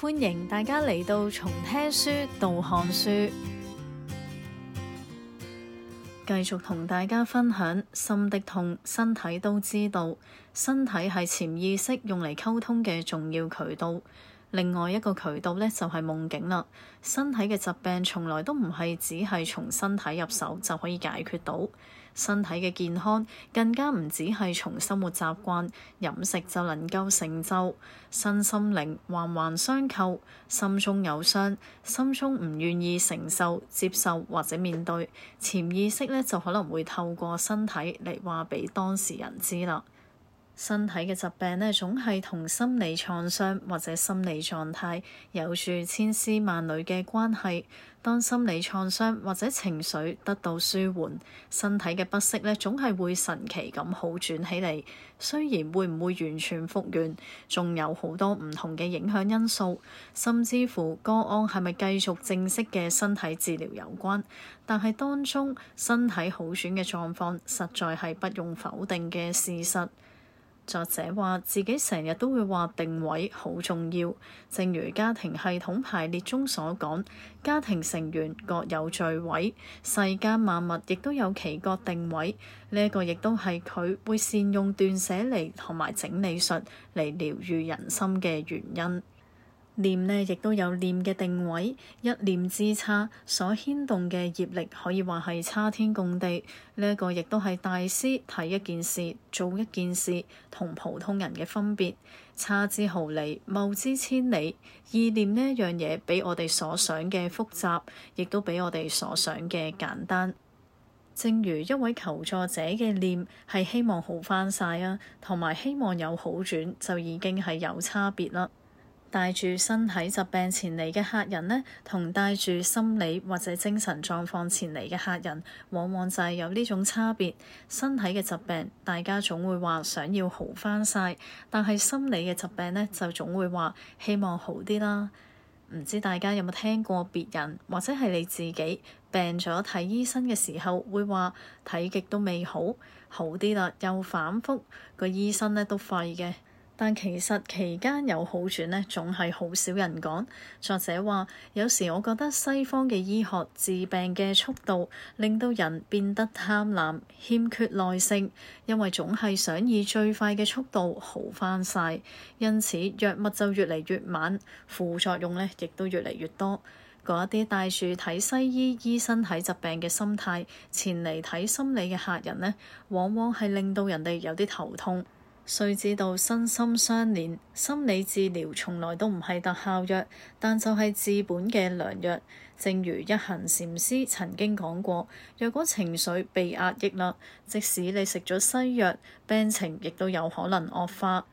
歡迎大家嚟到從聽書到看書，繼續同大家分享心的痛，身體都知道，身體係潛意識用嚟溝通嘅重要渠道。另外一個渠道呢，就係夢境啦。身體嘅疾病從來都唔係只係從身體入手就可以解決到。身體嘅健康更加唔只係從生活習慣、飲食就能夠成就。身心靈環環相扣，心中有傷，心中唔願意承受、接受或者面對，潛意識呢，就可能會透過身體嚟話俾當事人知啦。身體嘅疾病呢，總係同心理創傷或者心理狀態有住千絲萬縷嘅關係。當心理創傷或者情緒得到舒緩，身體嘅不適呢，總係會神奇咁好轉起嚟。雖然會唔會完全復原，仲有好多唔同嘅影響因素，甚至乎個案係咪繼續正式嘅身體治療有關，但係當中身體好轉嘅狀況，實在係不用否定嘅事實。作者話：自己成日都會話定位好重要，正如家庭系統排列中所講，家庭成員各有座位，世間萬物亦都有其各定位。呢、這、一個亦都係佢會善用斷捨離同埋整理術嚟療愈人心嘅原因。念呢亦都有念嘅定位，一念之差所牽動嘅業力，可以話係差天共地。呢一個亦都係大師睇一件事，做一件事同普通人嘅分別。差之毫釐，謬之千里。意念呢樣嘢，比我哋所想嘅複雜，亦都比我哋所想嘅簡單。正如一位求助者嘅念係希望好翻曬啊，同埋希望有好轉就已經係有差別啦。帶住身體疾病前嚟嘅客人呢，同帶住心理或者精神狀況前嚟嘅客人，往往就係有呢種差別。身體嘅疾病，大家總會話想要好翻晒，但係心理嘅疾病呢，就總會話希望好啲啦。唔知大家有冇聽過別人或者係你自己病咗睇醫生嘅時候，會話睇極都未好，好啲啦又反覆，個醫生呢都廢嘅。但其實期間有好轉呢，總係好少人講。作者話：有時我覺得西方嘅醫學治病嘅速度，令到人變得貪婪、欠缺耐性，因為總係想以最快嘅速度好翻晒。因此藥物就越嚟越慢，副作用呢亦都越嚟越多。嗰啲帶住睇西醫醫身體疾病嘅心態前嚟睇心理嘅客人呢，往往係令到人哋有啲頭痛。誰知道身心相連，心理治療從來都唔係特效藥，但就係治本嘅良藥，正如一行禪師曾經講過，若果情緒被壓抑啦，即使你食咗西藥，病情亦都有可能惡化。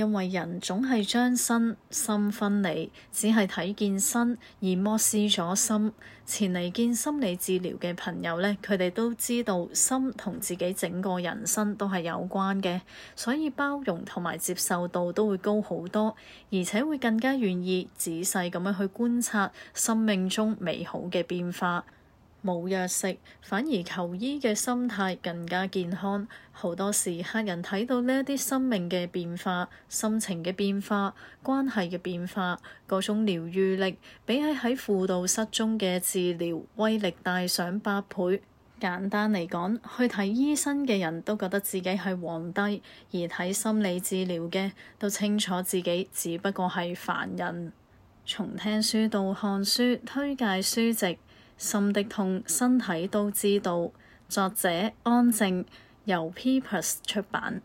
因為人總係將身心分離，只係睇見身而漠視咗心。前嚟見心理治療嘅朋友呢，佢哋都知道，心同自己整個人生都係有關嘅，所以包容同埋接受度都會高好多，而且會更加願意仔細咁樣去觀察生命中美好嘅變化。冇藥食，反而求醫嘅心態更加健康。好多時客人睇到呢一啲生命嘅變化、心情嘅變化、關係嘅變化，嗰種療愈力比起喺輔導室中嘅治療威力大上百倍。簡單嚟講，去睇醫生嘅人都覺得自己係皇帝，而睇心理治療嘅都清楚自己只不過係凡人。從聽書到看書，推介書籍。心的痛，身體都知道。作者：安靜，由 People 出版。